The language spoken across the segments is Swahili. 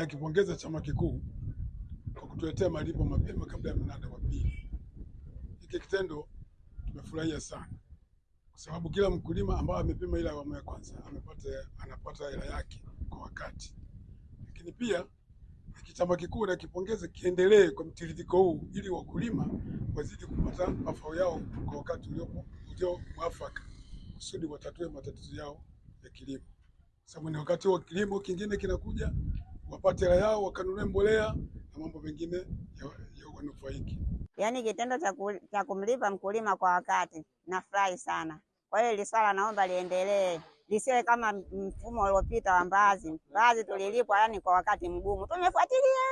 Nakipongeza chama kikuu kwa kutuletea malipo mapema kabla ya mnada wa pili. Hiki kitendo tumefurahia sana, kwa sababu kila mkulima ambaye amepima ile awamu ya kwanza amepata, anapata hela yake kwa wakati. Lakini pia hiki chama kikuu nakipongeza, kiendelee kwa mtiririko huu ili wakulima wazidi kupata mafao yao kwa wakati uliopo ulio mwafaka, kusudi watatue matatizo yao ya kilimo, sababu ni wakati wa kilimo kingine kinakuja wapate hela yao wakanunue mbolea na mambo mengine ya wanufaiki. Yaani kitendo cha kumlipa mkulima kwa wakati, nafurahi sana. Kwa hiyo hili swala naomba liendelee, lisiwe kama mfumo uliopita wa mbazi. Mbazi tulilipwa yani kwa wakati mgumu, tumefuatilia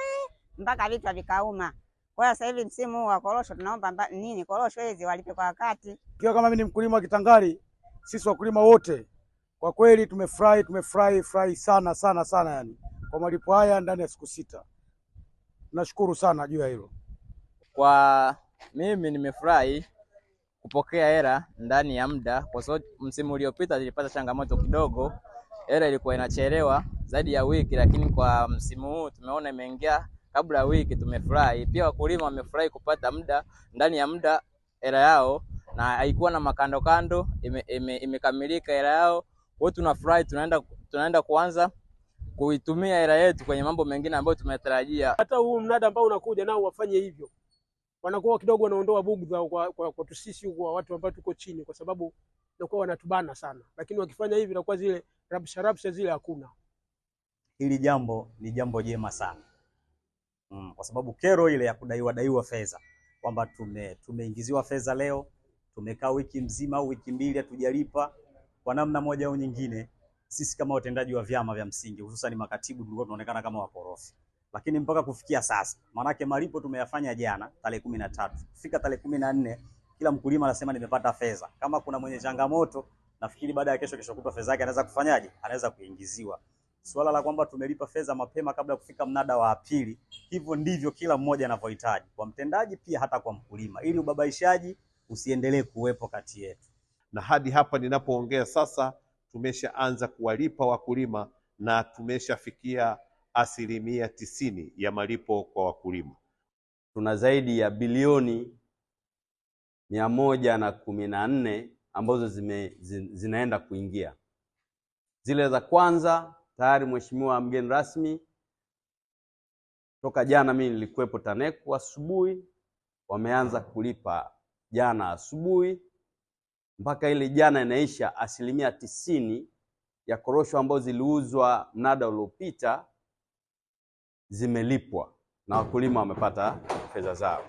mpaka vichwa vikauma. Kwa hiyo sasa hivi msimu huu wa korosho tunaomba mba, nini korosho hizi walipe kwa wakati. Ikiwa kama mimi ni mkulima wa Kitangari, sisi wakulima wote kwa kweli tumefurahi, tumefurahi furahi sana sana sana yani kwa malipo haya ndani ya siku sita. Nashukuru sana juu ya hilo. Kwa mimi nimefurahi kupokea hela ndani ya muda, kwa sababu msimu uliopita nilipata changamoto kidogo, hela ilikuwa inachelewa zaidi ya wiki, lakini kwa msimu huu tumeona imeingia kabla ya wiki. Tumefurahi pia, wakulima wamefurahi kupata muda ndani ya muda hela yao, na haikuwa na makando kando, imekamilika ime, ime hela yao. Wote tunafurahi, tunaenda tunaenda kuanza kuitumia hela yetu kwenye mambo mengine ambayo tumetarajia. Hata huu mnada ambao unakuja nao wafanye hivyo, wanakuwa kidogo wanaondoa bugdha kwa, kwa, kwa tusisi kwa watu ambao tuko chini, kwa sababu nakuwa wanatubana sana, lakini wakifanya hivi nakuwa zile rabsha rabsha zile hakuna. Hili jambo ni jambo jema sana mm, kwa sababu kero ile ya kudaiwa daiwa fedha kwamba tume tumeingiziwa fedha leo, tumekaa wiki mzima au wiki mbili hatujalipa, kwa namna moja au nyingine sisi kama watendaji wa vyama vya msingi hususan makatibu tulikuwa tunaonekana kama wakorofi, lakini mpaka kufikia sasa, manake malipo tumeyafanya jana tarehe kumi na tatu kufika tarehe kumi na nne kila mkulima anasema nimepata fedha. Kama kuna mwenye changamoto, nafikiri baada ya kesho, kesho kutwa fedha yake anaweza kufanyaje, anaweza kuingiziwa. Swala la kwamba tumelipa fedha mapema kabla ya kufika mnada wa pili, hivyo ndivyo kila mmoja anavyohitaji, kwa mtendaji pia hata kwa mkulima, ili ubabaishaji usiendelee kuwepo kati yetu. Na hadi hapa ninapoongea sasa tumeshaanza kuwalipa wakulima na tumeshafikia asilimia tisini ya malipo kwa wakulima. Tuna zaidi ya bilioni mia moja na kumi na nne ambazo zime, zinaenda kuingia. Zile za kwanza tayari, mheshimiwa mgeni rasmi, toka jana mimi nilikuwepo TANECU asubuhi, wameanza kulipa jana asubuhi mpaka ile jana inaisha, asilimia tisini ya korosho ambazo ziliuzwa mnada uliopita zimelipwa na wakulima wamepata fedha zao.